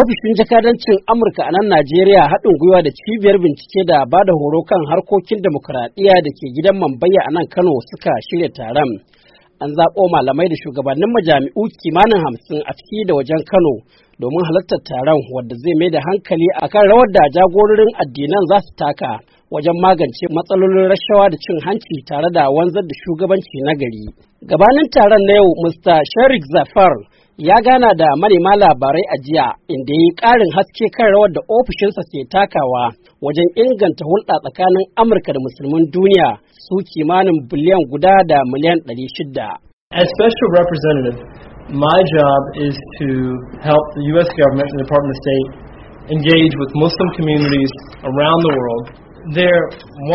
Ofishin jakadancin Amurka a nan Najeriya haɗin gwiwa da cibiyar bincike da ba da horo kan harkokin demokuraɗiyya da ke gidan Mambaya a nan Kano suka shirya taron. An zaɓo malamai da shugabannin majami'u kimanin hamsin a ciki da wajen Kano domin halartar taron wadda zai mai da hankali akan rawar da jagororin addinan za su taka wajen magance matsalolin rashawa da cin hanci tare da wanzar da shugabanci na gari. Gabanin taron na yau, Mr. Sherik Zafar, ya gana da manema labarai a jiya inda ya yi haske kan rawar da ofishinsa ke takawa wajen inganta hulɗa tsakanin Amurka da duniya su kimanin biliyan guda da miliyan As special representative, my job is to help the U.S. government and the Department of State engage with Muslim communities around the world There 1.6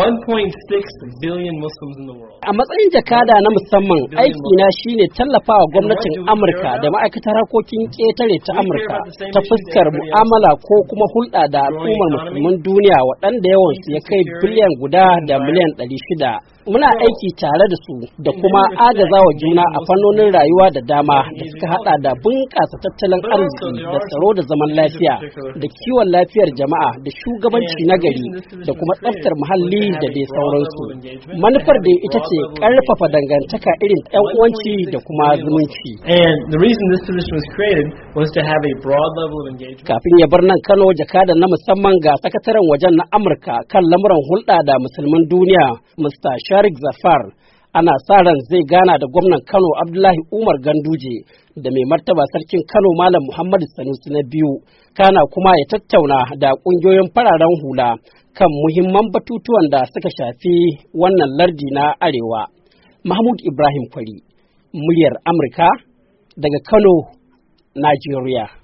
billion Muslims in the world. A matsayin jakada na musamman aiki na shine tallafawa gwamnatin Amurka da ma'aikatar harkokin ƙetare ta Amurka ta fuskar mu'amala ko kuma hulɗa da al'ummar musulmin duniya waɗanda yawansu ya kai biliyan guda da miliyan ɗari shida. Muna aiki tare da su da kuma agazawa juna a fannonin rayuwa da dama da suka hada da bunƙasa tattalin arziki da tsaro da zaman lafiya da kiwon lafiyar jama'a da shugabanci na gari da kuma tsaftar muhalli da dai sauransu manufar da ita ce ƙarfafa dangantaka irin ɗan uwanci da kuma zumunci kafin ya bar nan kano jakadan na musamman ga sakataren wajen na amurka kan lamuran hulɗa da musulman duniya mr sharik zafar ana sa ran zai gana da gwamnan kano abdullahi umar ganduje da mai martaba sarkin kano malam muhammadu sanusi na biyu kana kuma ya tattauna da kungiyoyin fararen hula kan muhimman batutuwan da suka shafi wannan lardi na arewa mahmud ibrahim kwari muryar amurka daga kano nigeria